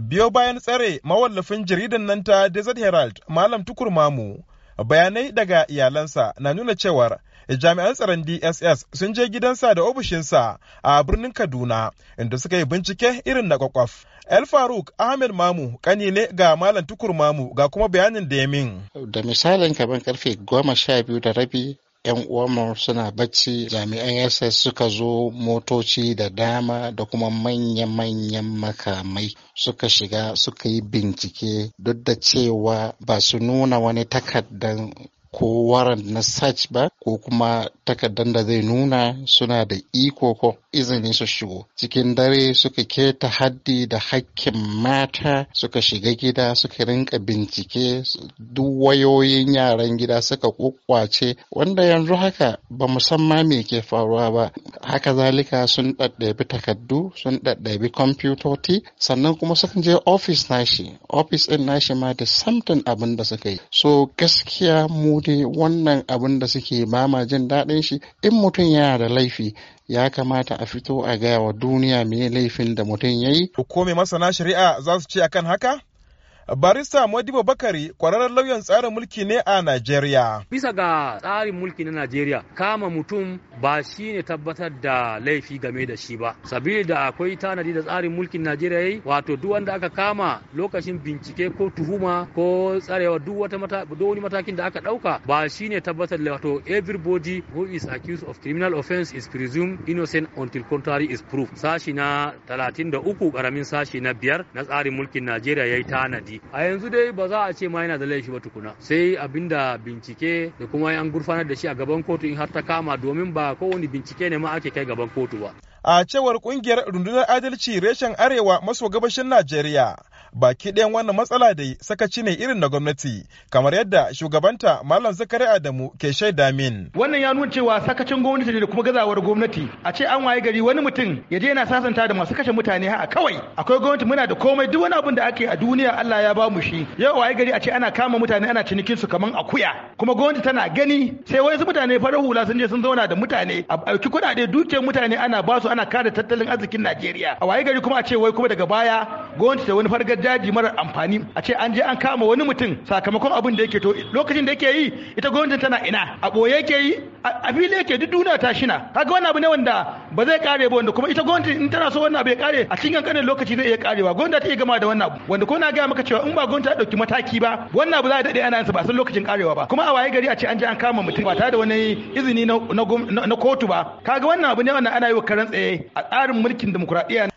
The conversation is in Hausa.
biyo bayan tsare mawallafin jaridan nan ta Desert Herald Malam Tukur Mamu bayanai daga iyalansa na nuna cewar jami'an tsaron DSS sun je gidansa da ofishinsa a birnin Kaduna inda suka yi bincike irin na kwakwaf. El Faruk Ahmed Mamu kani ne ga Malam Tukur Mamu ga kuma bayanin da ya min. Da misalin kamar karfe goma sha biyu da rabi 'yan uwanmu suna bacci jami'an ss suka zo motoci da dama da kuma manya-manyan makamai suka shiga suka yi bincike duk da cewa ba su nuna wani takardan. ko warrant na search ba ko kuma takardar da zai nuna suna da iko ko izini su shigo cikin dare suka keta haddi da hakkin mata suka shiga gida suka rinka bincike duk wayoyin yaran gida suka kukwace wanda yanzu haka ba musamman me ke faruwa ba haka zalika sun ɗaɗɗabi takardu sun ɗaɗɗabi kwamfutoci sannan kuma sukan je ofis nashi ofis ɗin nashi ma da samtin abin da suka yi so gaskiya mu dai wannan abin da suke ba jin daɗin shi in mutum yana da laifi ya kamata a fito a gaya wa duniya mai laifin da mutum ya yi. Ko masana shari'a za su ce akan haka? Barista Modibo Bakari kwararren lauyan tsarin mulki ne a Najeriya. Bisa ga tsarin mulki na Najeriya, kama mutum ba shi ne tabbatar da laifi game da shi ba. Sabili da akwai tanadi da tsarin mulkin Najeriya yi wato duk wanda aka kama lokacin bincike ko tuhuma ko tsarewa duk wata mata, wani matakin da aka ɗauka ba shi ne tabbatar da wato everybody who is accused of criminal offense is presumed innocent until contrary is proved. Sashi na 33 karamin sashi na biyar na tsarin mulkin Najeriya yi tanadi shi a yanzu dai ba za a ce ma yana da laifi ba tukuna sai abinda bincike da kuma an gurfanar da shi a gaban kotu in har ta kama domin ba kowane bincike ne ma ake kai gaban kotu ba a cewar kungiyar rundunar adalci reshen arewa maso gabashin najeriya baki ɗayan wannan matsala da sakaci ne irin na gwamnati kamar yadda shugabanta malam zakari adamu ke shaida min wannan ya nuna cewa sakacin gwamnati ne da kuma gazawar gwamnati a ce an waye gari wani mutum ya je yana sasanta da masu kashe mutane ha kawai akwai gwamnati muna da komai duk wani abin da ake a duniya Allah ya ba mu shi yau waye gari a ce ana kama mutane ana cinikin su kamar akuya kuma gwamnati tana gani sai wayansu mutane farar hula sun je sun zauna da mutane a ɗauki kuɗaɗe dukiyar mutane ana ba su ana kare tattalin arzikin Najeriya a waye gari kuma a ce wai kuma daga baya gonta da wani fargar daji mara amfani a ce an je an kama wani mutum sakamakon abin da yake to lokacin da yake yi ita gonta tana ina a boye yake yi a fili yake duk duniya ta shina kaga wani abu ne wanda ba zai kare ba wanda kuma ita gonta in tana so wannan abu ya kare a cikin kanin lokaci zai iya karewa gonta ta iya gama da wannan abu wanda ko na gaya maka cewa in ba gonta ta dauki mataki ba wannan abu za a dade ana yin sa ba san lokacin karewa ba kuma a waye gari a ce an je an kama mutum ba tare da wani izini na kotu ba kaga wannan abu ne wannan ana yi wa karan tsaye a tsarin mulkin demokuraɗiyya